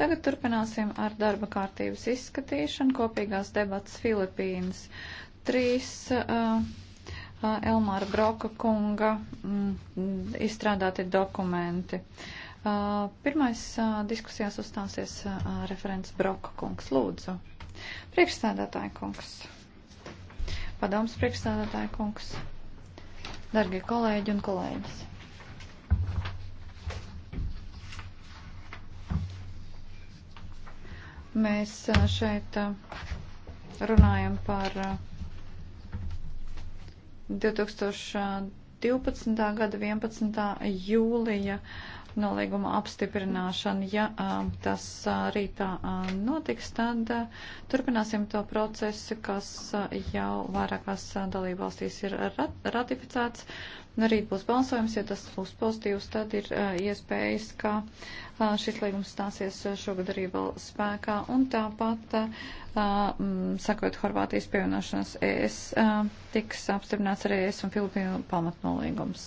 Tagad turpināsim ar darba kārtības izskatīšanu. Kopīgās debats Filipīnas trīs. Uh, uh, Elmāra Broka kunga mm, izstrādāti dokumenti. Uh, pirmais uh, diskusijās uzstāsies uh, referents Broka kungs. Lūdzu. Priekšstādātāja kungs. Padoms priekšstādātāja kungs. Dargie kolēģi un kolēģis. Mēs šeit runājam par 2012. gada 11. jūlija nolīguma apstiprināšana. Ja tas rītā notiks, tad turpināsim to procesu, kas jau vairākās dalībvalstīs ir ratificēts. Nu, rīt būs balsojums, ja tas būs pozitīvs, tad ir iespējas, ka šis līgums stāsies šogad arī vēl spēkā. Un tāpat, sakot, Horvātijas pievienošanās ES tiks apstiprināts arī ES un Filipīnu pamatnolīgums.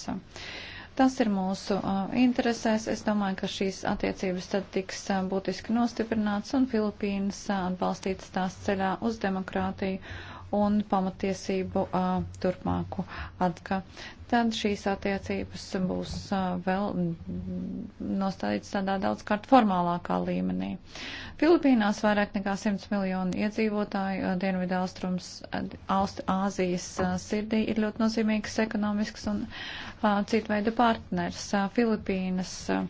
Tas ir mūsu interesēs. Es domāju, ka šīs attiecības tad tiks būtiski nostiprināts un Filipīnas atbalstītas tās ceļā uz demokrātiju un pamatiesību uh, turpmāku atka. Tad šīs attiecības būs uh, vēl nostādītas tādā daudz kārt formālākā līmenī. Filipīnās vairāk nekā 100 miljonu iedzīvotāju uh, Dienvidu Austrums, uh, Aust, Āzijas uh, sirdī ir ļoti nozīmīgs ekonomisks un uh, citu veidu partners. Uh, Filipīnas uh,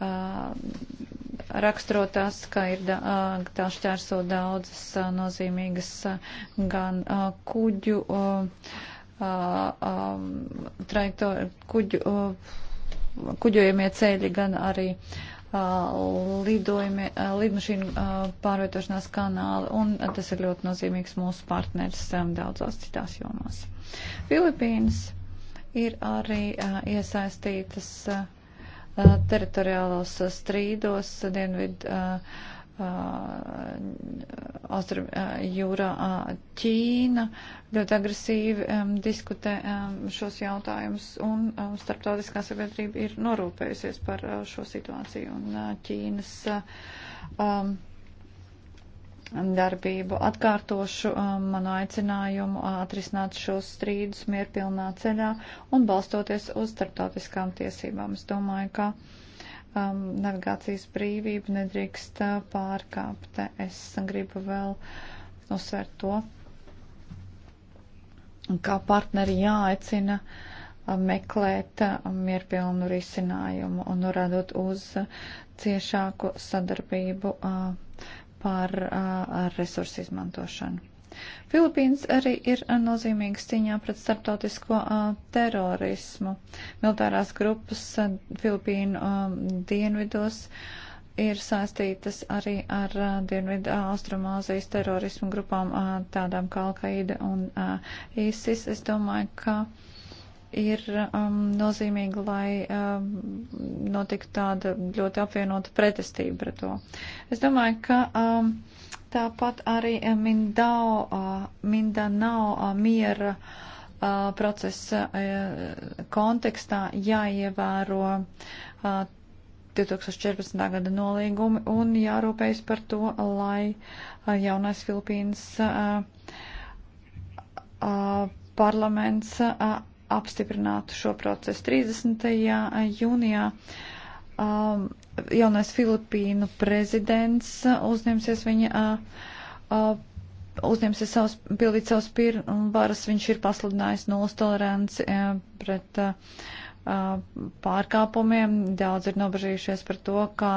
uh, raksturo tas, ka ir tā šķērso daudzas nozīmīgas gan kuģu, trajektori, kuģu, kuģojumie ceļi, gan arī lidojumi, lidmašīnu pārvietošanās kanāli, un tas ir ļoti nozīmīgs mūsu partneris daudzās citās jomās. Filipīnas ir arī iesaistītas Uh, teritoriālos uh, strīdos uh, Dienvidu Austrum jūrā Ķīna ļoti agresīvi um, diskutē um, šos jautājumus un um, starptautiskā sabiedrība ir norūpējusies par uh, šo situāciju un uh, Ķīnas uh, um, darbību. Atkārtošu um, manu aicinājumu atrisināt šos strīdus mierpilnā ceļā un balstoties uz starptautiskām tiesībām. Es domāju, ka um, navigācijas brīvību nedrīkst uh, pārkāpt. Es gribu vēl uzsvērt to, kā partneri jāaicina uh, meklēt uh, mierpilnu risinājumu un norādot uz ciešāku sadarbību. Uh, par uh, resursu izmantošanu. Filipīnas arī ir nozīmīgas cīņā pret starptautisko uh, terorismu. Militārās grupas uh, Filipīnu um, dienvidos ir saistītas arī ar uh, Dienvidu Austrumāzijas terorismu grupām, uh, tādām kā Alkaida un uh, ISIS. Es domāju, ka uh, ir um, nozīmīgi, lai um, notiktu tāda ļoti apvienota pretestība pret to. Es domāju, ka um, tāpat arī eh, Mindao, uh, Mindanao uh, miera uh, procesa uh, kontekstā jāievēro uh, 2014. gada nolīgumi un jārūpējas par to, lai uh, jaunais Filipīnas uh, uh, parlaments. Uh, apstiprinātu šo procesu. 30. jūnijā um, jaunais Filipīnu prezidents uzņemsies viņa. Uh, uh, uzņemsies savus, pildīt savus pirmvaras, viņš ir pasludinājis nulles toleranci uh, pret uh, pārkāpumiem. Daudz ir nobežījušies par to, kā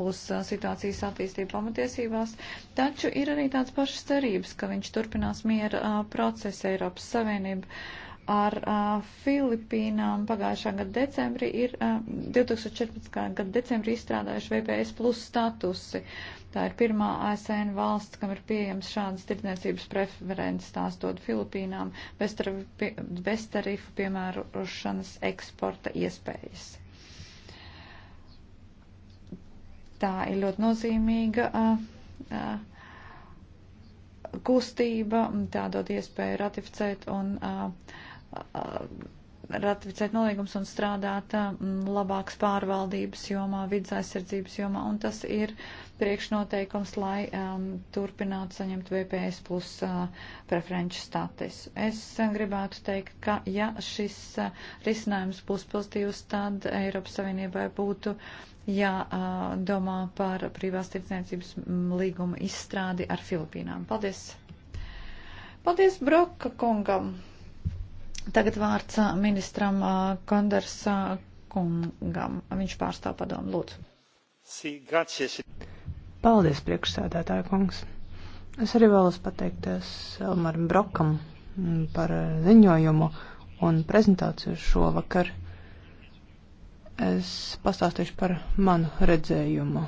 būs situācijas attīstība pamatiesībās. Taču ir arī tāds pašas cerības, ka viņš turpinās miera procesu Eiropas Savienību ar uh, Filipīnām pagājušā gada decembrī ir uh, 2014. gada decembrī izstrādājuši VPS plus statusi. Tā ir pirmā ASN valsts, kam ir pieejams šādas tirdzniecības preferences, tās dod Filipīnām bez tarifu piemērošanas eksporta iespējas. Tā ir ļoti nozīmīga. Uh, uh, kustība, tā dod iespēju ratificēt un uh, ratificēt nolīgums un strādāt labāks pārvaldības jomā, vidas aizsardzības jomā, un tas ir priekšnoteikums, lai um, turpinātu saņemt VPS plus uh, preferenču statusu. Es uh, gribētu teikt, ka ja šis uh, risinājums būs pozitīvs, tad Eiropas Savienībai būtu jādomā uh, par privās tirdzniecības līguma izstrādi ar Filipīnām. Paldies! Paldies Broka kungam! Tagad vārds ministram Konders kungam. Viņš pārstāv padomu. Lūdzu. Paldies, priekšsēdētāja kungs. Es arī vēlos pateikties Elmaram Brokam par ziņojumu un prezentāciju šovakar. Es pastāstīšu par manu redzējumu,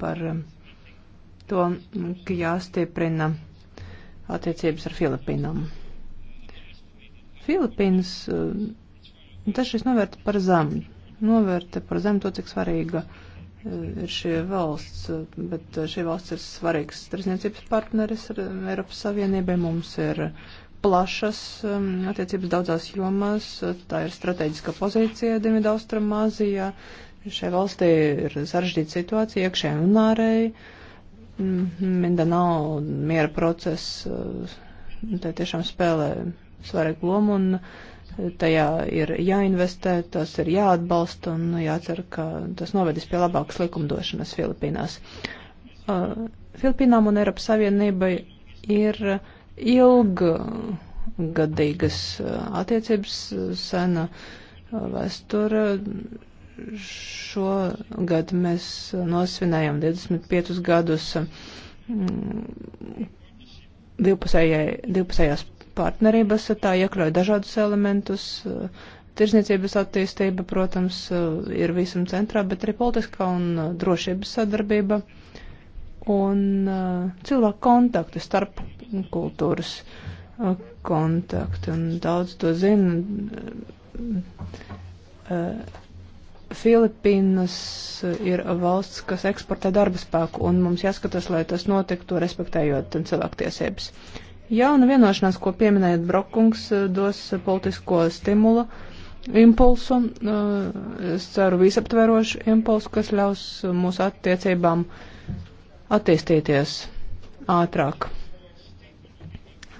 par to, ka jāstieprina attiecības ar Filipīnām. Filipīnas dažreiz eh, novērta par zemu, novērta par zemu to, cik svarīga eh, ir šī valsts, eh, bet šī valsts ir svarīgs tirsniecības partneris ar Eiropas Savienībai. Mums ir plašas attiecības daudzās jomās, tā ir strateģiska pozīcija Dienvidaustrumāzijā. Šai valstī ir sarežģīta situācija iekšēji un ārēji. Mm, Mindanao miera process, tā tiešām spēlē svarīgu lomu un tajā ir jāinvestē, tas ir jāatbalsta un jācer, ka tas novedīs pie labākas likumdošanas Filipīnās. Uh, Filipīnām un Eiropas Savienībai ir ilggadīgas uh, attiecības, sena uh, vēstura. Šogad mēs nosvinējam 25 gadus mm, divpusējās partnerības tā iekļauj dažādus elementus. Eh, tirzniecības attīstība, protams, eh, ir visam centrā, bet arī politiskā un eh, drošības sadarbība un cilvēku kontakti starp kultūras kontakti. Un daudz to zina. Filipīnas ir valsts, kas eksportē darba spēku, un mums jāskatās, lai tas notiktu, respektējot cilvēktiesības. tiesības. Jauna vienošanās, ko pieminējat Brokungs, eh, dos politisko stimulu impulsu, eh, es ceru visaptverošu impulsu, kas ļaus mūsu attiecībām attīstīties ātrāk.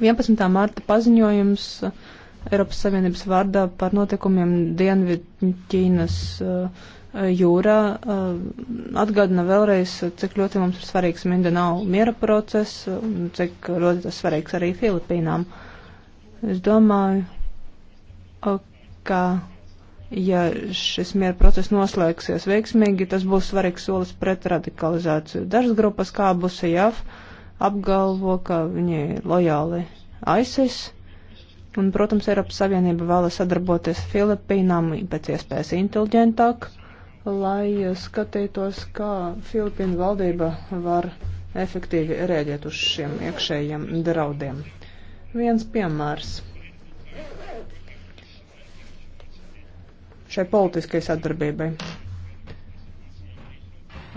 11. mārta paziņojums Eiropas Savienības vārdā par notikumiem Dienvidķīnas uh, jūra atgādina vēlreiz, cik ļoti mums ir svarīgs Mindanao miera process un cik ļoti tas svarīgs arī Filipīnām. Es domāju, ka ja šis miera process noslēgsies veiksmīgi, tas būs svarīgs solis pret radikalizāciju. Dažas grupas, kā Busajaf, apgalvo, ka viņi ir lojāli ISIS. Un, protams, Eiropas Savienība vēlas sadarboties Filipīnām pēc iespējas inteliģentāk lai skatītos, kā Filipīnu valdība var efektīvi rēģēt uz šiem iekšējiem draudiem. Viens piemērs. Šai politiskai sadarbībai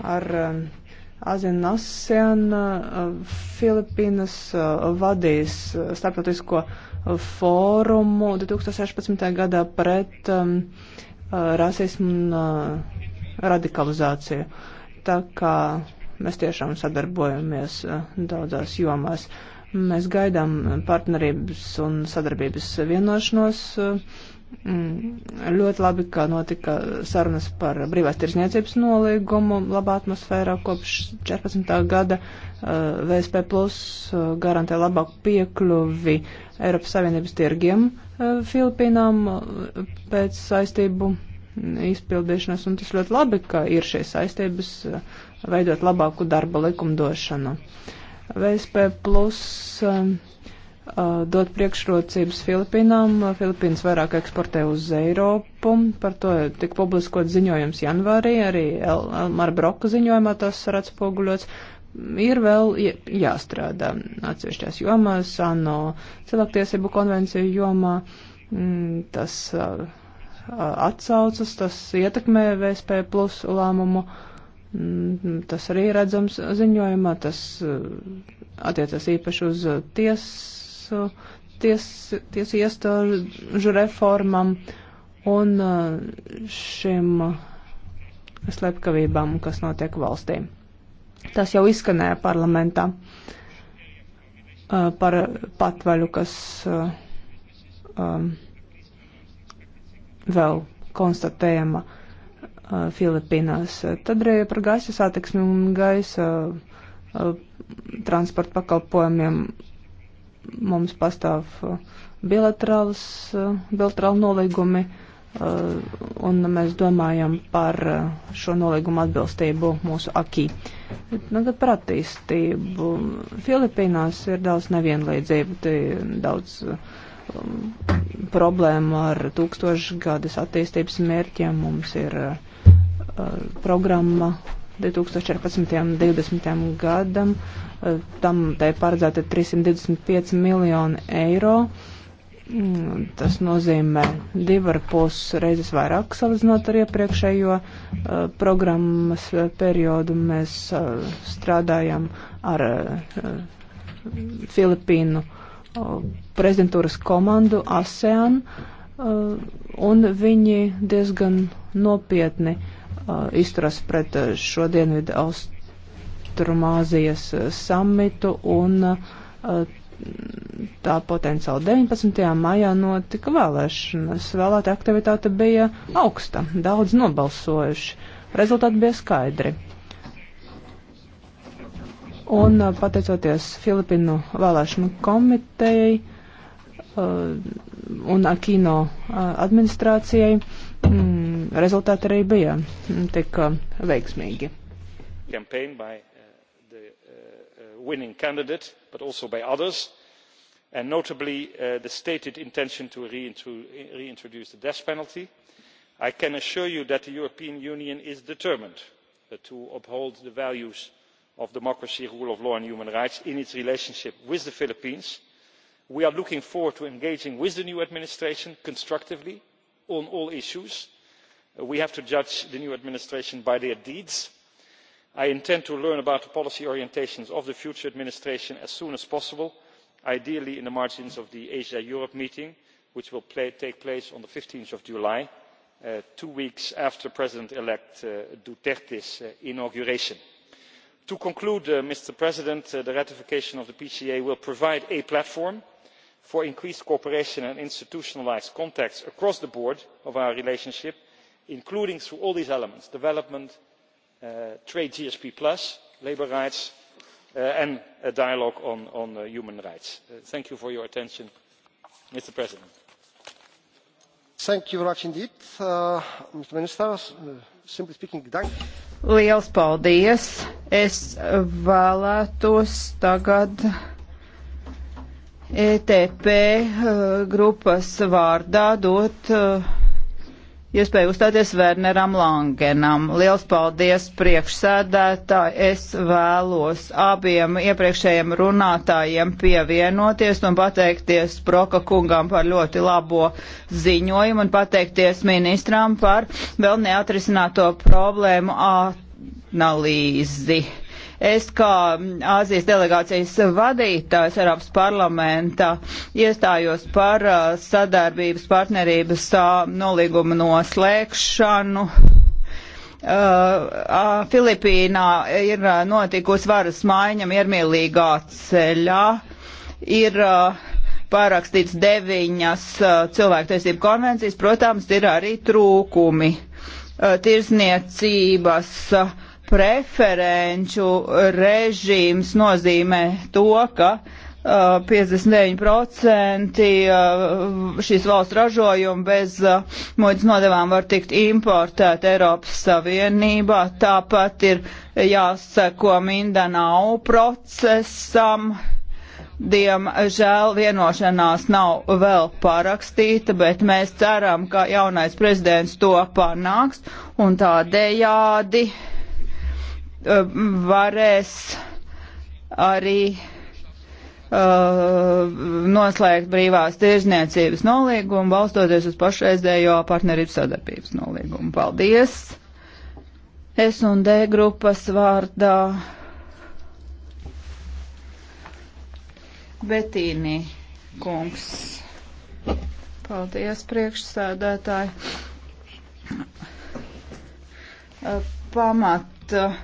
ar um, Azinasian uh, Filipīnas uh, vadīs uh, starptautisko fórumu 2016. gadā pret um, rasismu un radikalizāciju. Tā kā mēs tiešām sadarbojamies daudzās jomās. Mēs gaidām partnerības un sadarbības vienošanos. Uh, Mm, ļoti labi, ka notika sarunas par brīvās tirsniecības nolīgumu labā atmosfērā kopš 14. gada. Uh, VSP plus uh, garantē labāku piekļuvi Eiropas Savienības tirgiem uh, Filipīnām pēc saistību izpildīšanas, un tas ļoti labi, ka ir šīs saistības veidot labāku darba likumdošanu. VSP plus um, Uh, dot priekšrocības Filipīnām. Filipīnas vairāk eksportē uz Eiropu, par to tik publiskot ziņojums janvārī, arī Elmar Broka ziņojumā tas ir atspoguļots. Ir vēl jāstrādā atsevišķās jomās, ANO cilvēktiesību konvenciju jomā, mm, tas uh, atsaucas, tas ietekmē VSP plus lēmumu. Mm, tas arī redzams ziņojumā, tas uh, attiecas īpaši uz tiesas tiesu ties iestāžu reformam un eh, šim slepkavībām, kas notiek valstī. Tas jau izskanēja parlamentā eh, par patvaļu, kas eh, um, vēl konstatējama Filipīnās. Tad arī par gaisa satiksmi un gaisa transporta pakalpojumiem mums pastāv uh, bilaterāls, uh, bilaterāli nolīgumi, uh, un mēs domājam par šo nolīgumu atbilstību mūsu akī. Nu, Tagad par attīstību. Filipīnās ir daudz nevienlīdzību, daudz um, problēmu ar tūkstošgadas attīstības mērķiem. Mums ir programma 2014. un 2020. gadam. E, tam tai paredzēta 325 miljoni eiro. Mm, tas nozīmē divu ar pus reizes vairāk salīdzinot ar iepriekšējo uh, programmas periodu. Mēs uh, strādājam ar uh, Filipīnu uh, prezidentūras komandu ASEAN, uh, un viņi diezgan nopietni uh, Uh, izturas pret uh, šo dienvidu austrumāzijas uh, samitu un tā potenciāli 19. maijā notika vēlēšanas. Vēlēta aktivitāte bija augsta, daudz nobalsojuši. Rezultāti bija skaidri. Un pateicoties Filipinu vēlēšanu komitejai un Akino administrācijai, mm, rezultāti arī bija tik uh, veiksmīgi. Uh, uh, and notably, uh, the stated intention to reintroduce the death penalty. I can assure you that the European Union is determined uh, to uphold the values of democracy, rule of law, and human rights in its relationship with the Philippines. We are looking forward to engaging with the new administration constructively on all issues we have to judge the new administration by their deeds. i intend to learn about the policy orientations of the future administration as soon as possible ideally in the margins of the asia europe meeting which will take place on fifteen july uh, two weeks after president elect uh, duterte's uh, inauguration. to conclude the ratification of the pca will provide a platform for increased cooperation and institutionalised contacts across the board of our relationship including through all these elements development uh, trade gsp labour rights uh, and a dialogue on uh, human rights. thank you for your attention mr president. Indeed, uh, Minister, Liels paldies! Es vēlētos tagad ETP grupas vārdā dot iespēju uzstāties Werneram Langenam. Liels paldies priekšsēdētāji. Es vēlos abiem iepriekšējiem runātājiem pievienoties un pateikties Proka kungam par ļoti labo ziņojumu un pateikties ministram par vēl neatrisināto problēmu analīzi Es kā Āzijas delegācijas vadītājs Eiropas parlamentā iestājos par uh, sadarbības partnerības uh, nolīguma noslēgšanu. Uh, uh Filipīnā ir notikusi varas maiņa miermīlīgā ceļā. Ir uh, pārakstīts deviņas uh, cilvēktiesību konvencijas, protams, ir arī trūkumi. Tirzniecības uh, preferenču režīms nozīmē to, ka uh, 59% uh, šīs valsts ražojumi bez uh, muitas nodevām var tikt importēt Eiropas Savienībā. Tāpat ir jāseko Mindanao procesam. Diemžēl vienošanās nav vēl parakstīta, bet mēs ceram, ka jaunais prezidents to panāks un tādējādi uh, Uh, varēs arī uh, noslēgt brīvās tirzniecības nolīgumu, balstoties uz pašreizējo partnerības sadarbības nolīgumu. Paldies! S un D grupas vārdā Betīnī kungs. Paldies, priekšsēdētāji. Uh, pamat. Uh,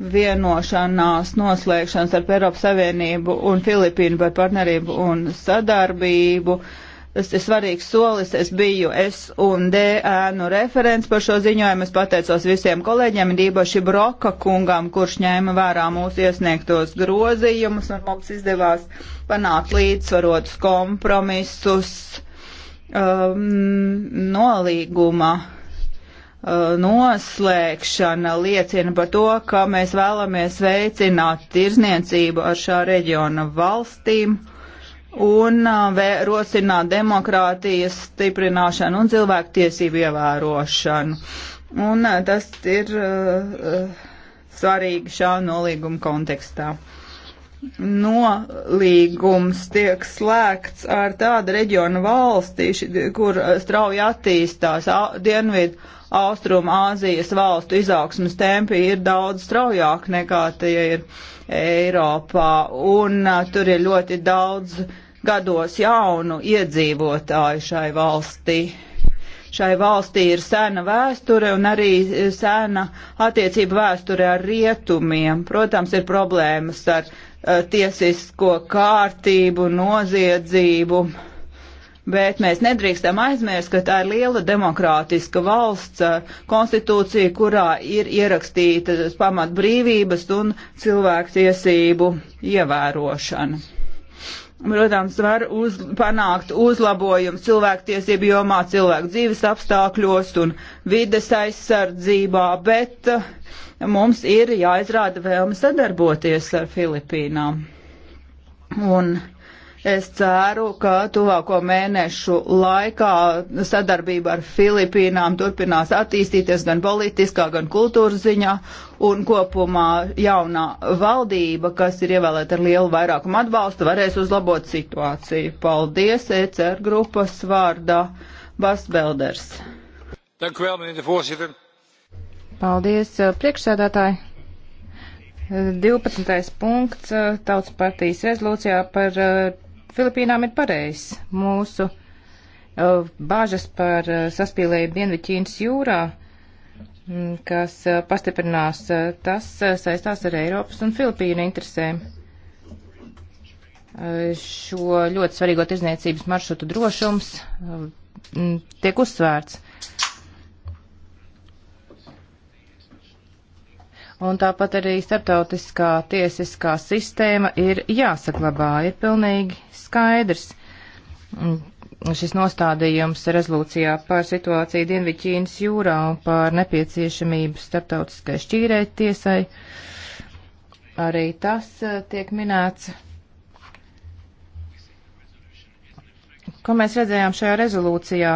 vienošanās noslēgšanas ar Eiropas Savienību un Filipīnu par partnerību un sadarbību. Tas ir svarīgs solis. Es biju S un D ēnu referents par šo ziņojumu. Es pateicos visiem kolēģiem, un īpaši Broka kungam, kurš ņēma vērā mūsu iesniegtos grozījumus, un mums izdevās panākt līdzsvarotus kompromisus um, nolīguma Uh, noslēgšana liecina par to, ka mēs vēlamies veicināt tirzniecību ar šā reģiona valstīm un uh, rosināt demokrātijas stiprināšanu un cilvēktiesību ievērošanu. Un uh, tas ir uh, svarīgi šā nolīguma kontekstā nolīgums tiek slēgts ar tādu reģionu valstī, kur strauji attīstās Dienvidu Austrum Āzijas valstu izaugsmas tempi ir daudz straujāk nekā tie ir Eiropā, un uh, tur ir ļoti daudz gados jaunu iedzīvotāju šai valstī. Šai valstī ir sena vēsture un arī e, sena attiecība vēsture ar rietumiem. Protams, ir problēmas ar uh, tiesisko kārtību, noziedzību bet mēs nedrīkstam aizmirst, ka tā ir liela demokrātiska valsts konstitūcija, kurā ir ierakstītas pamat brīvības un cilvēktiesību ievērošana. Protams, var uz, panākt uzlabojumu cilvēktiesību jomā, cilvēku dzīves apstākļos un vides aizsardzībā, bet mums ir jāizrāda vēlme sadarboties ar Filipīnām. Un uh, Es ceru, ka tuvāko mēnešu laikā sadarbība ar Filipīnām turpinās attīstīties gan politiskā, gan kultūras ziņā, un kopumā jaunā valdība, kas ir ievēlēta ar lielu vairākumu atbalstu, varēs uzlabot situāciju. Paldies, ECR grupas vārdā Basbelders. Paldies, eh, priekšsēdētāji. 12. Eh, punkts eh, Tautas partijas rezolūcijā par Filipīnām ir pareizs. Mūsu uh, bāžas par uh, saspīlēju Dienvidķīnas jūrā, um, kas uh, pastiprinās, uh, tas uh, saistās ar Eiropas un Filipīnu interesēm. Uh, šo ļoti svarīgo tirzniecības maršrutu drošums uh, mm, tiek uzsvērts. un tāpat arī starptautiskā tiesiskā sistēma ir jāsaglabā, ir pilnīgi skaidrs. Šis nostādījums rezolūcijā par situāciju Dienvidķīnas jūrā un par nepieciešamību starptautiskai šķīrēt tiesai, arī tas eh, tiek minēts. Ko mēs redzējām šajā rezolūcijā?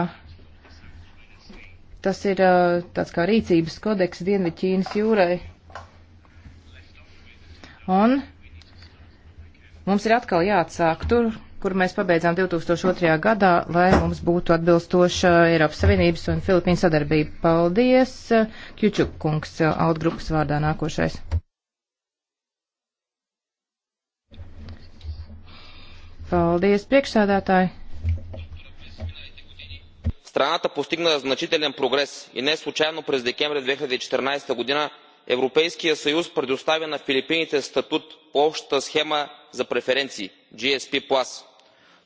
Tas ir eh, tāds kā rīcības kodeks Dienvidķīnas jūrai. Un mums ir atkal jāatsāk tur, kur mēs pabeidzām 2002. gadā, lai mums būtu atbilstoša Eiropas Savienības un Filipīnu sadarbība. Paldies, Kjučuk kungs, Altgrupas vārdā nākošais. Paldies, priekšsādātāji. Страната постигна значителен прогрес и не случайно през декември 2014 година европейският съюз предоставя на филипините статут по общата схема за преференции gsp.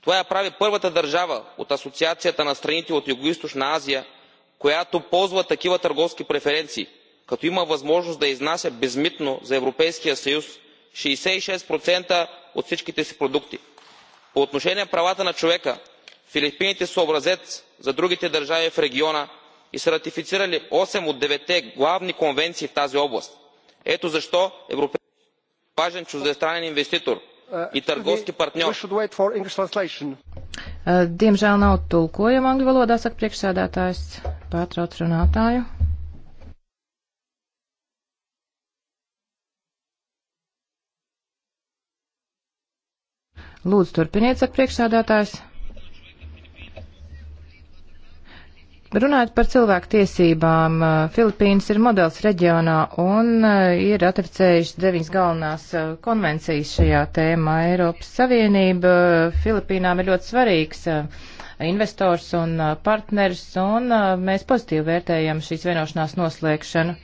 това я прави първата държава от асоциацията на страните от югоизточна азия която ползва такива търговски преференции като има възможност да изнася безмитно за европейския съюз шестдесет и шест от всичките си продукти. по отношение правата на човека филипините са образец за другите държави в региона и са ратифицирали осем от деветте главни конвенции в тази област. ето защо европейският съюз е важен чуждестранен инвеститор и търговски uh, партньор. Uh, diemžēl nav tulkojuma angļu valodā, saka priekšsēdētājs, pārtrauc runātāju. Lūdzu, turpiniet, saka priekšsēdētājs. Runājot par cilvēku tiesībām, eh, Filipīnas ir modelis reģionā un eh, ir ratificējuši deviņas galvenās eh, konvencijas šajā tēmā. Eiropas Savienība Filipīnām ir ļoti svarīgs investors un partners, un mēs pozitīvi vērtējam šīs vienošanās noslēgšanu.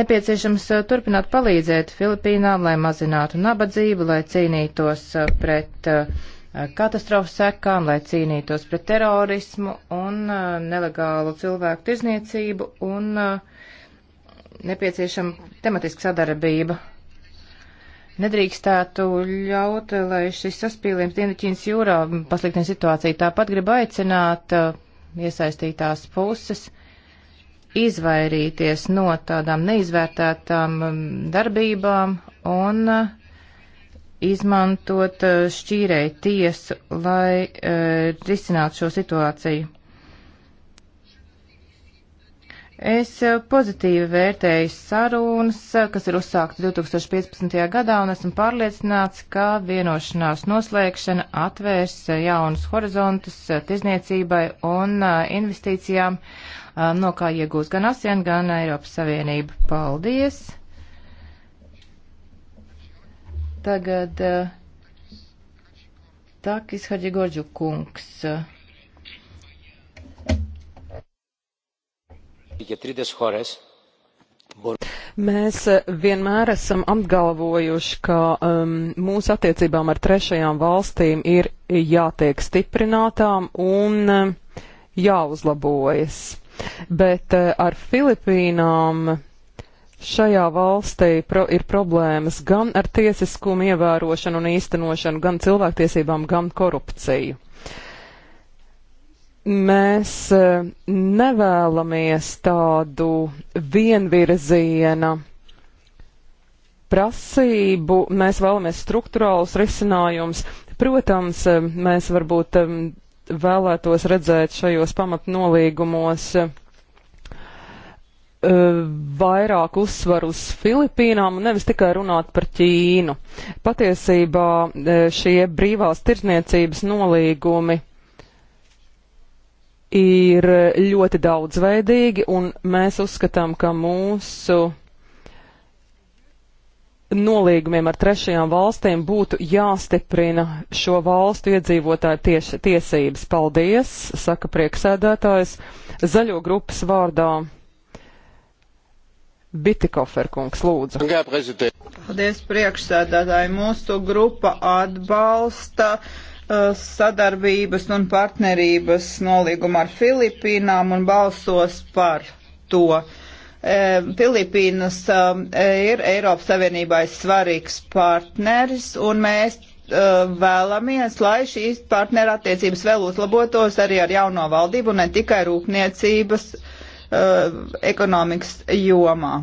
Nepieciešams turpināt palīdzēt Filipīnām, lai mazinātu nabadzību, lai cīnītos pret uh, katastrofu sekām, lai cīnītos pret terorismu un uh, nelegālu cilvēku tirzniecību un uh, nepieciešama tematiska sadarbība. Nedrīkstētu ļaut, lai šis saspīlījums Dienvidķīnas jūrā pasliktina situāciju. Tāpat gribu aicināt uh, iesaistītās puses izvairīties no tādām neizvērtētām um, darbībām un uh, izmantot eh, šķīrēju tiesu, lai uh, risinātu šo situāciju. Es eh, pozitīvi vērtēju sarunas, kas ir uzsākta 2015. gadā, un esmu pārliecināts, ka vienošanās noslēgšana atvērs jaunus horizontus tirzniecībai un investīcijām, no kā iegūs gan ASEAN, gan Eiropas Savienība. Paldies! Tagad eh, Takis Haģigorģu kungs. Ja trīdes hores, Mēs eh, vienmēr esam apgalvojuši, ka um, mūsu attiecībām ar trešajām valstīm ir jātiek stiprinātām un um, jāuzlabojas. Bet uh, ar Filipīnām šajā valstī pro ir problēmas gan ar tiesiskumu ievērošanu un īstenošanu, gan cilvēktiesībām, gan korupciju. Mēs e, nevēlamies tādu vienvirziena prasību, mēs vēlamies struktūrālus risinājumus. Protams, e, mēs varbūt e, vēlētos redzēt šajos pamatnolīgumos uh, E, vairāk uzsvaru uz Filipīnām un nevis tikai runāt par Ķīnu. Patiesībā e, šie brīvās tirdzniecības nolīgumi ir ļoti daudzveidīgi un mēs uzskatām, ka mūsu nolīgumiem ar trešajām valstīm būtu jāstiprina šo valstu iedzīvotāju tieši, tiesības. Paldies, saka prieksēdētājs, zaļo grupas vārdā. Bitikoferkungs, lūdzu. Paldies priekšsēdētāji. Mūsu grupa atbalsta uh, sadarbības un partnerības nolīgumu ar Filipīnām un balsos par to. Uh, Filipīnas uh, ir Eiropas Savienībai svarīgs partneris, un mēs uh, vēlamies, lai šīs partnerattiecības vēl uzlabotos arī ar jauno valdību, ne tikai rūpniecības uh, Uh, ekonomikas jomā.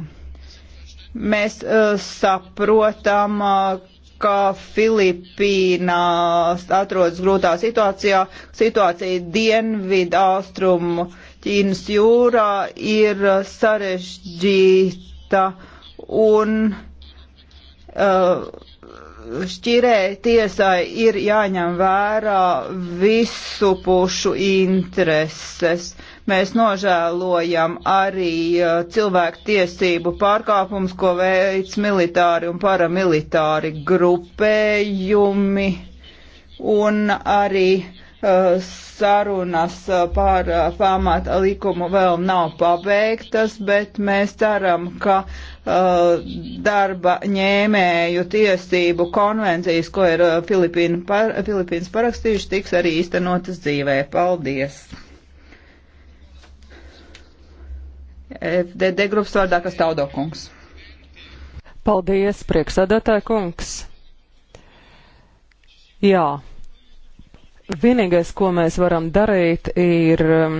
Mēs uh, saprotam, uh, ka Filipīnās atrodas grūtā situācijā. Situācija dienvidu austrumu Ķīnas jūrā ir sarežģīta un uh, šķirēja tiesai ir jāņem vērā visu pušu intereses. Uh, Mēs nožēlojam arī uh, cilvēku tiesību pārkāpums, ko veids militāri un paramilitāri grupējumi un arī uh, sarunas uh, par pamata likumu vēl nav pabeigtas, bet mēs ceram, ka uh, darba ņēmēju tiesību konvencijas, ko ir Filipīna par, Filipīnas parakstījuši, tiks arī īstenotas dzīvē. Paldies! FDD grupas vārdā, kas taudo kungs. Paldies, prieksēdētāja kungs. Jā. Vienīgais, ko mēs varam darīt, ir um,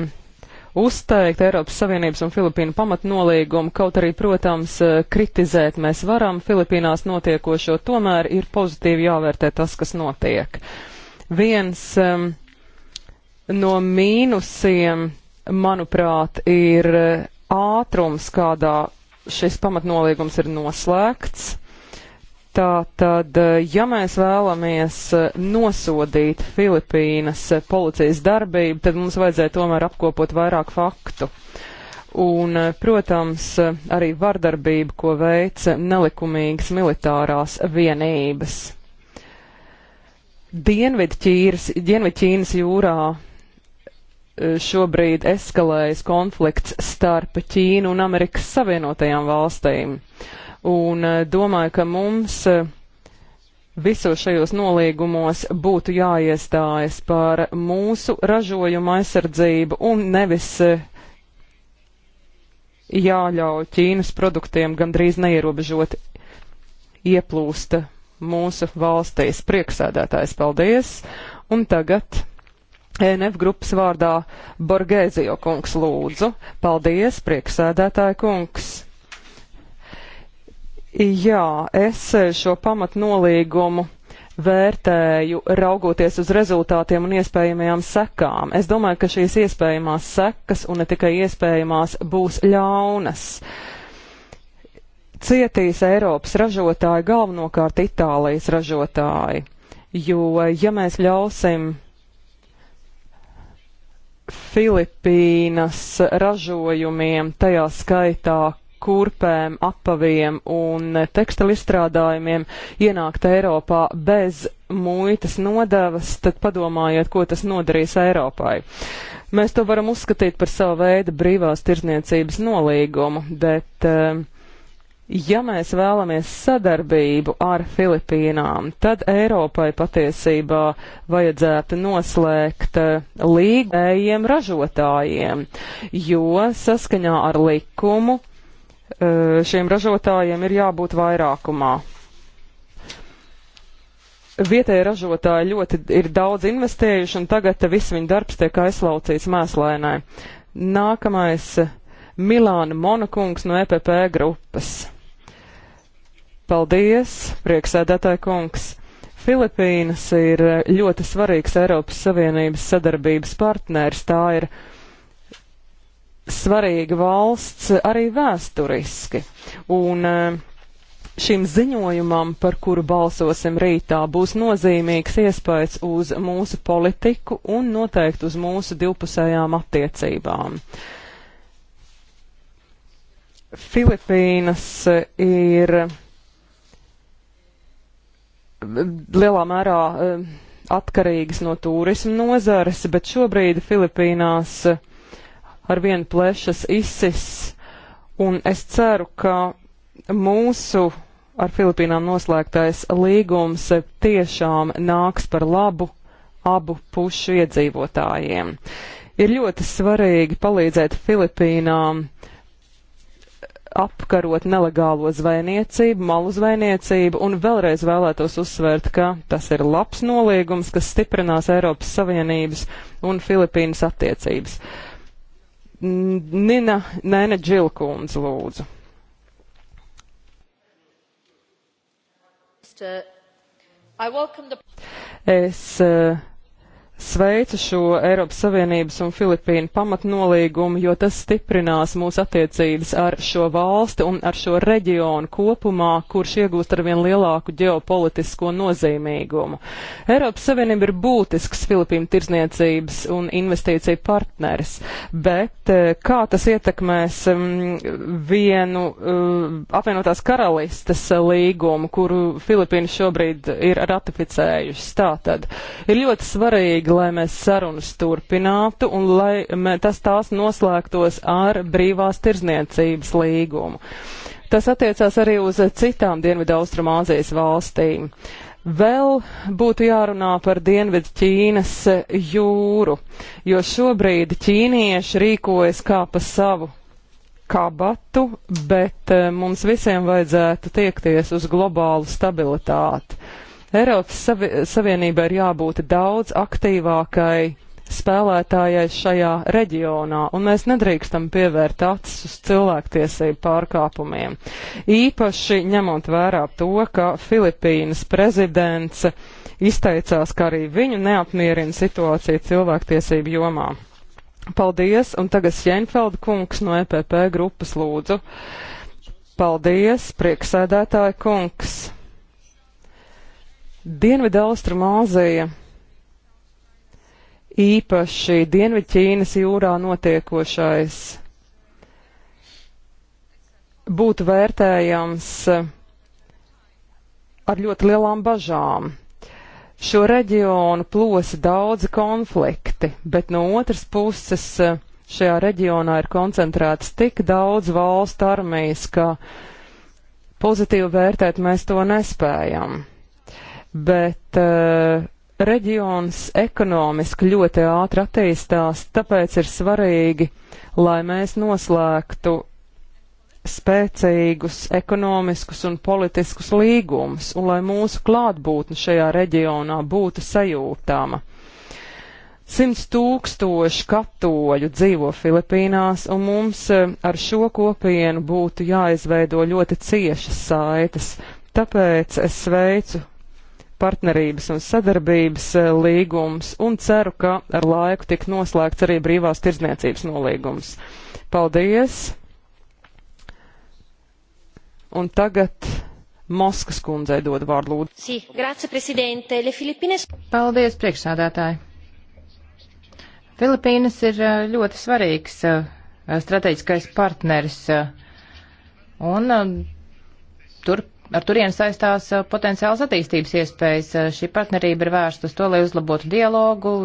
uzteikt Eiropas Savienības un Filipīnu pamatnolīgumu, kaut arī, protams, uh, kritizēt mēs varam Filipīnās notiekošo, tomēr ir pozitīvi jāvērtē tas, kas notiek. Viens um, no mīnusiem, manuprāt, ir uh, ātrums, kādā šis pamatnolīgums ir noslēgts. Tā tad, ja mēs vēlamies nosodīt Filipīnas policijas darbību, tad mums vajadzēja tomēr apkopot vairāk faktu. Un, protams, arī vardarbību, ko veica nelikumīgas militārās vienības. Dienvidķīnas Dienvid jūrā šobrīd eskalējas konflikts starp Ķīnu un Amerikas Savienotajām valstīm. Un eh, domāju, ka mums eh, visos šajos nolīgumos būtu jāiestājas par mūsu ražojumu aizsardzību un nevis eh, jāļauj Ķīnas produktiem gandrīz neierobežot ieplūsta mūsu valstīs. Prieksēdētājs, paldies! Un tagad ENF grupas vārdā Borgēzio kungs lūdzu. Paldies, prieksēdētāja kungs. Jā, es šo pamatnolīgumu vērtēju, raugoties uz rezultātiem un iespējamajām sekām. Es domāju, ka šīs iespējamās sekas un ne tikai iespējamās būs ļaunas. Cietīs Eiropas ražotāji, galvenokārt Itālijas ražotāji, jo ja mēs ļausim Filipīnas ražojumiem, tajā skaitā kurpēm, apaviem un tekstilu izstrādājumiem ienākt Eiropā bez muitas nodevas, tad padomājiet, ko tas nodarīs Eiropai. Mēs to varam uzskatīt par savu veidu brīvās tirzniecības nolīgumu, bet uh, Ja mēs vēlamies sadarbību ar Filipīnām, tad Eiropai patiesībā vajadzētu noslēgt eh, līgējiem ražotājiem, jo saskaņā ar likumu eh, šiem ražotājiem ir jābūt vairākumā. Vietējie ražotāji ļoti ir daudz investējuši, un tagad viss viņa darbs tiek aizlaucīts mēslēnai. Nākamais Milāna Monakungs no EPP grupas. Paldies, prieksēdētāji kungs! Filipīnas ir ļoti svarīgs Eiropas Savienības sadarbības partners. Tā ir svarīga valsts arī vēsturiski. Un eh, šim ziņojumam, par kuru balsosim rītā, būs nozīmīgs iespējas uz mūsu politiku un noteikti uz mūsu divpusējām attiecībām. Filipīnas ir lielā mērā e, atkarīgas no turismu nozares, bet šobrīd Filipīnās e, ar vienu plešas ISIS, un es ceru, ka mūsu ar Filipīnām noslēgtais līgums tiešām nāks par labu abu pušu iedzīvotājiem. Ir ļoti svarīgi palīdzēt Filipīnām uh, apkarot nelegālo zvejniecību, malu zvejniecību, un vēlreiz vēlētos uzsvērt, ka tas ir labs nolīgums, kas stiprinās Eiropas Savienības un Filipīnas attiecības. Nina Nēne Džilkūns lūdzu. Es uh, sveicu šo Eiropas Savienības un Filipīnu pamatnolīgumu, jo tas stiprinās mūsu attiecības ar šo valsti un ar šo reģionu kopumā, kurš iegūst arvien lielāku ģeopolitisko nozīmīgumu. Eiropas Savienība ir būtisks Filipīnu tirzniecības un investīciju partneris, bet eh, kā tas ietekmēs mm, vienu eh, apvienotās karalistes līgumu, kuru Filipīna šobrīd ir ratificējušas? Tātad ir ļoti svarīgi, lai mēs sarunas turpinātu un lai mē, tas tās noslēgtos ar brīvās tirzniecības līgumu. Tas attiecās arī uz citām Dienvidu Austrumāzijas valstīm. Vēl būtu jārunā par Dienvidu Ķīnas jūru, jo šobrīd ķīnieši rīkojas kā pa savu kabatu, bet eh, mums visiem vajadzētu tiekties uz globālu stabilitāti. Eiropas Savienībai ir jābūt daudz aktīvākai spēlētājai šajā reģionā, un mēs nedrīkstam pievērt acis uz cilvēktiesību pārkāpumiem. Īpaši ņemot vērā to, ka Filipīnas prezidents izteicās, ka arī viņu neapmierina situācija cilvēktiesību jomā. Paldies, un tagad Jēnfelda kungs no EPP grupas lūdzu. Paldies, prieksēdētāja kungs. Dienvidaustrumāzija, īpaši Dienvidķīnas jūrā notiekošais, būtu vērtējams eh, ar ļoti lielām bažām. Šo reģionu plosa daudzi konflikti, bet no otras puses eh, šajā reģionā ir koncentrēts tik daudz valstu armijas, ka pozitīvi vērtēt mēs to nespējam bet uh, reģions ekonomiski ļoti ātri attīstās, tāpēc ir svarīgi, lai mēs noslēgtu spēcīgus ekonomiskus un politiskus līgumus, un lai mūsu klātbūtne šajā reģionā būtu sajūtama. Simts tūkstoši katoļu dzīvo Filipīnās, un mums eh, ar šo kopienu būtu jāizveido ļoti ciešas saites. Tāpēc es sveicu partnerības un sadarbības eh, līgums un ceru, ka ar laiku tik noslēgts arī brīvās tirdzniecības nolīgums. Paldies! Un tagad Moskas kundzei dod vārdu lūdzu. Sí, grazie, prezidente. Le Filipines... Paldies, priekšsādātāji. Filipīnas ir eh, ļoti svarīgs eh, strateģiskais partneris. Un tur ar turienu saistās uh, potenciāls attīstības iespējas. Uh, šī partnerība ir vērsta uz to, lai uzlabotu dialogu,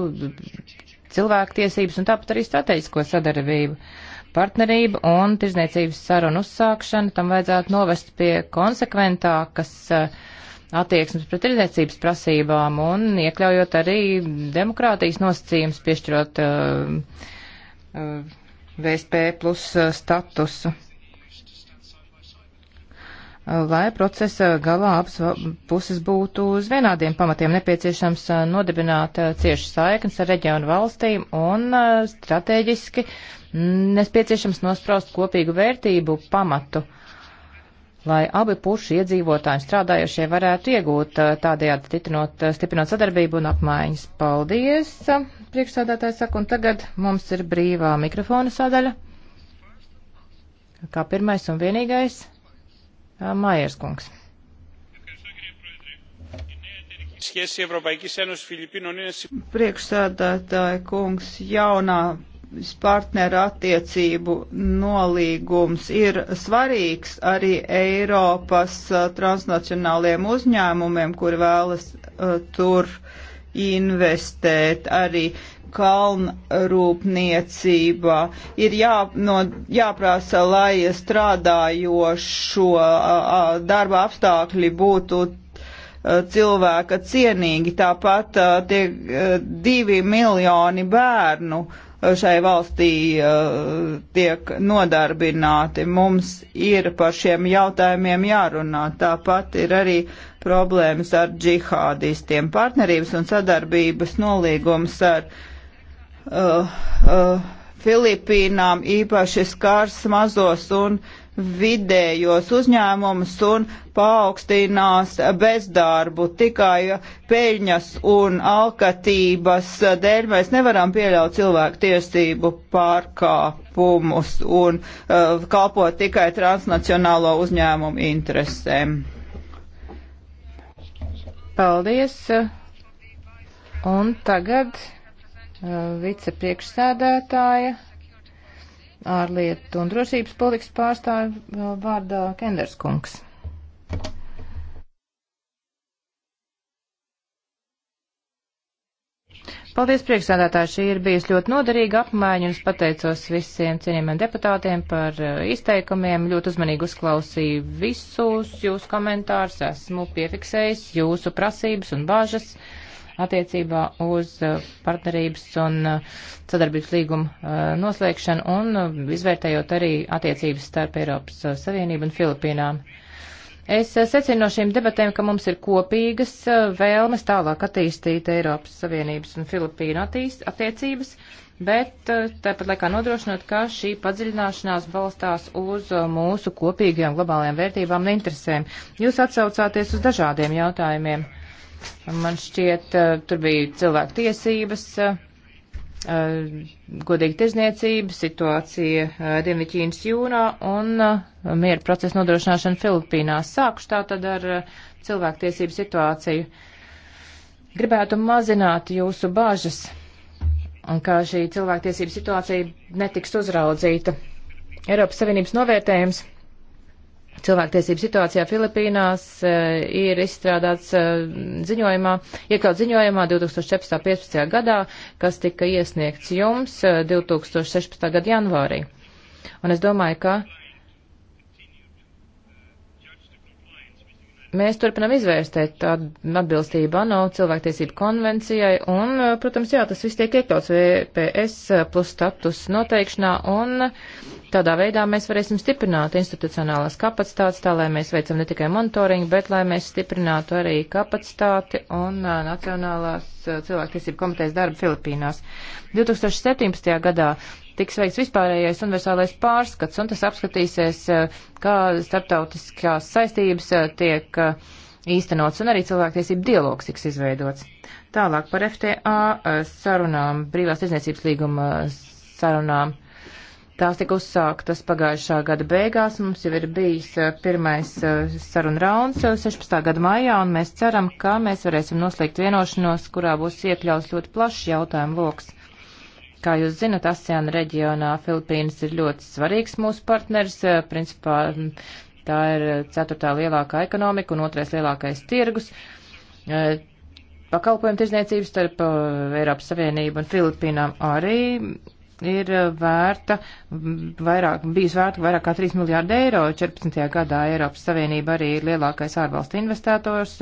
cilvēku tiesības un tāpat arī strateģisko sadarbību. Partnerība un tirzniecības sarunu uzsākšana tam vajadzētu novest pie konsekventākas uh, attieksmes pret tirdzniecības prasībām un iekļaujot arī demokrātijas nosacījums, piešķirot uh, uh, VSP plus statusu. Uh, lai procesa galā abas puses būtu uz vienādiem pamatiem nepieciešams uh, nodibināt uh, cieši saiknes ar reģionu valstīm un strateģiski nepieciešams nospraust kopīgu vērtību pamatu lai abi puši iedzīvotāji strādājušie varētu iegūt tādējādi stiprinot, stiprinot sadarbību un apmaiņas. Paldies, priekšsādātājs saka, un tagad mums ir brīvā mikrofona sadaļa. Kā pirmais un vienīgais Mājers kungs. Priekšsēdētāja kungs, jaunā partneru attiecību nolīgums ir svarīgs arī Eiropas transnacionāliem uzņēmumiem, kuri vēlas uh, tur investēt arī kalnrūpniecībā. Ir jā, no, jāprasa, lai strādājošo darba apstākļi būtu cilvēka cienīgi. Tāpat tie divi miljoni bērnu šai valstī tiek nodarbināti. Mums ir par šiem jautājumiem jārunā. Tāpat ir arī problēmas ar džihādistiem. Partnerības un sadarbības nolīgums ar uh, uh, Filipīnām īpaši skars mazos un vidējos uzņēmumus un paaugstinās bezdarbu. Tikai peļņas un alkatības dēļ mēs nevaram pieļaut cilvēku tiesību pārkāpumus un uh, kalpot tikai transnacionālo uzņēmumu interesēm. Paldies! Un tagad Uh, vicepriekšsēdētāja ārlietu un drošības politikas pārstāvja uh, vārdā Kenders kungs. Paldies, priekšsēdētāji, šī ir bijusi ļoti noderīga apmaiņa, un es pateicos visiem cienījumiem deputātiem par uh, izteikumiem. Ļoti uzmanīgi uzklausīju visus jūsu komentārus, esmu piefiksējis jūsu prasības un bāžas. Uh, attiecībā uz uh, partnerības un uh, sadarbības līgumu uh, noslēgšanu un izvērtējot arī attiecības starp Eiropas Savienību un Filipīnām. Es secinu no šīm debatēm, ka mums ir kopīgas vēlmes tālāk attīstīt Eiropas Savienības un Filipīnu attīst, attiecības bet tāpat laikā nodrošinot, ka šī padziļināšanās balstās uz mūsu kopīgajām globālajām vērtībām un interesēm. Jūs atsaucāties uz dažādiem jautājumiem. Man šķiet, eh, tur bija cilvēku tiesības, eh, godīga tirzniecība, situācija eh, Dienvidķīnas jūrā un miera procesa nodrošināšana Filipīnās. Sākuši tā tad ar cilvēku tiesību situāciju. Gribētu mazināt jūsu bāžas, ka šī cilvēktiesība situācija netiks uzraudzīta. Eiropas Savienības novērtējums cilvēktiesību situācijā Filipīnās e, ir izstrādāts e, ziņojumā, iekļauts ziņojumā 2014.15. gadā, kas tika iesniegts jums 2016. E, gada janvārī. Un es domāju, ka Mēs turpinam izvērstēt atbilstību ANO cilvēktiesību konvencijai un, eh, protams, jā, tas viss tiek iekļauts VPS eh, plus status noteikšanā un tādā veidā mēs varēsim stiprināt institucionālās kapacitātes, tā lai mēs veicam ne tikai monitoringu, bet lai mēs stiprinātu arī kapacitāti un eh, Nacionālās cilvēktiesību komitejas darbu Filipīnās. 2017. gadā tiks veikts vispārējais universālais pārskats, un tas apskatīsies, eh, kā starptautiskās saistības eh, tiek eh, īstenots, un arī cilvēktiesību dialogs tiks izveidots. Tālāk par FTA sarunām, brīvās tirdzniecības līguma sarunām. Tās tika uzsāktas pagājušā gada beigās. Mums jau ir bijis pirmais saruna rauns 16. gada maijā, un mēs ceram, ka mēs varēsim noslēgt vienošanos, kurā būs iekļauts ļoti plašs jautājumu lokus. Kā jūs zinat, ASEAN reģionā Filipīnas ir ļoti svarīgs mūsu partners. Eh, principā tā ir ceturtā lielākā ekonomika un otrais lielākais tirgus. Eh, pakalpojumu tirzniecības starp eh, Eiropas Savienību un Filipīnām arī ir vērta vairāk, bijis vērta vairāk kā 3 miljārdu eiro. 14. gadā Eiropas Savienība arī ir lielākais ārvalstu investors,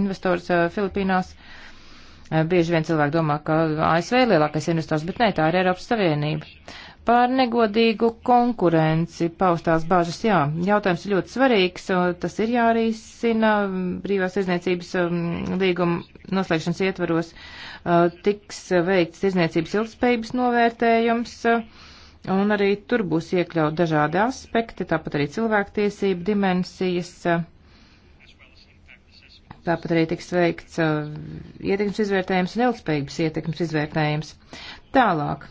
investors Filipīnās. Uh, Eh, bieži vien cilvēki domā, ka ASV ir lielākais investors, bet nē, tā ir Eiropas Savienība. Par negodīgu konkurenci paustās bāžas, jā, jautājums ir ļoti svarīgs, tas ir jārīsina brīvās izniecības um, līguma noslēgšanas ietvaros, eh, tiks veikts izniecības ilgspējības novērtējums. Eh, un arī tur būs iekļaut dažādi aspekti, tāpat arī cilvēktiesība dimensijas. Uh, Tāpat arī tiks veikts uh, ietekmes izvērtējums un ilgspējības ietekmes izvērtējums. Tālāk.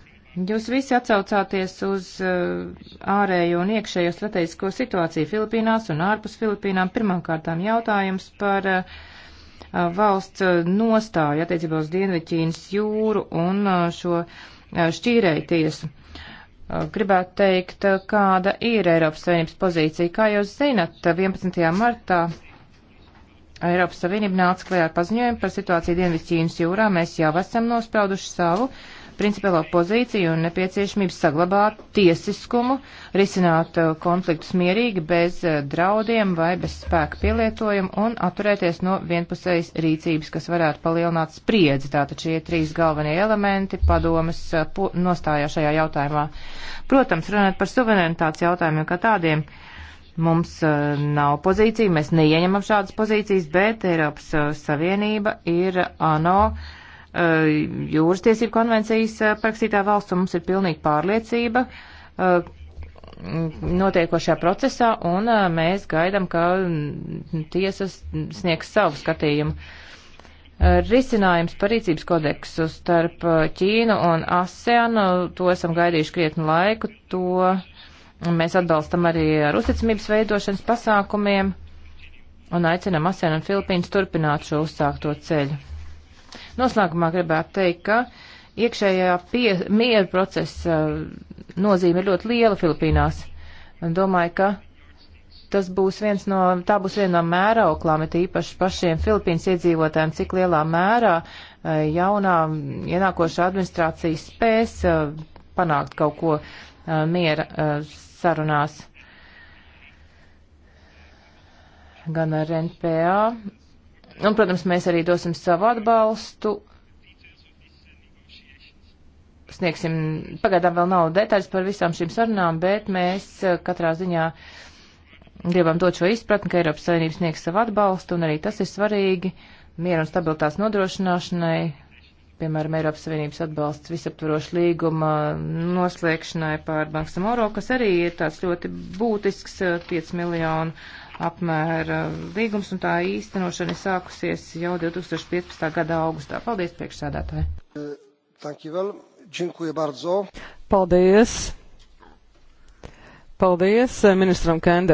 Jūs visi atsaucāties uz uh, ārējo un iekšējo strateģisko situāciju Filipīnās un ārpus Filipīnām. Pirmkārtām jautājums par uh, uh valsts uh, nostāju attiecībā uz Dienvidķīnas jūru un uh, šo uh, šķīrēju tiesu. Uh, gribētu teikt, uh, kāda ir Eiropas Savienības pozīcija. Kā jūs zinat, 11. martā Eiropas Savienība nāca klajā ar paziņojumu par situāciju Dienvidķīnas jūrā. Mēs jau esam nosprauduši savu principālo pozīciju un nepieciešamību saglabāt tiesiskumu, risināt uh, konfliktus mierīgi, bez uh, draudiem vai bez spēka pielietojumu un atturēties no vienpusējas rīcības, kas varētu palielināt spriedzi. Tātad šie trīs galvenie elementi padomas uh, nostājā šajā jautājumā. Protams, runāt par suverenitātes jautājumiem kā tādiem. Uh, Mums uh, nav pozīcija, mēs neieņemam šādas pozīcijas, bet Eiropas uh, Savienība ir ANO uh, jūras tiesību konvencijas parakstītā valsts, un mums ir pilnīga pārliecība notiekošajā procesā, un mēs gaidam, ka mm, tiesas sniegs savu skatījumu. Risinājums par rīcības kodeksu starp Ķīnu un ASEANu, to esam gaidījuši krietnu laiku, to uh, Mēs atbalstam arī ar uzticamības veidošanas pasākumiem un aicinam ASEAN un Filipīnas turpināt šo uzsākto ceļu. Noslēgumā gribētu teikt, ka iekšējā pie, miera procesa uh, nozīme ir ļoti liela Filipīnās. Domāju, ka tas būs viens no, tā būs viena no mērauklām, it īpaši pašiem Filipīnas iedzīvotājiem, cik lielā mērā uh, jaunā ienākošā administrācija spēs uh, panākt kaut ko Uh, miera uh, sarunās gan ar NPA. Un, protams, mēs arī dosim savu atbalstu. Sniegsim, pagaidām vēl nav detaļas par visām šīm sarunām, bet mēs uh, katrā ziņā gribam dot šo izpratni, ka Eiropas Savienības sniegs savu atbalstu, un arī tas ir svarīgi miera un stabilitātes nodrošināšanai piemēram, Eiropas Savienības atbalsts visaptvarošu līguma noslēgšanai pār Banks Moro, kas arī ir tāds ļoti būtisks 5 eh, miljonu apmēra līgums, un tā īstenošana ir sākusies jau 2015. gada augustā. Paldies, priekšsēdētāji! Paldies! Paldies eh, ministram Kenderšam!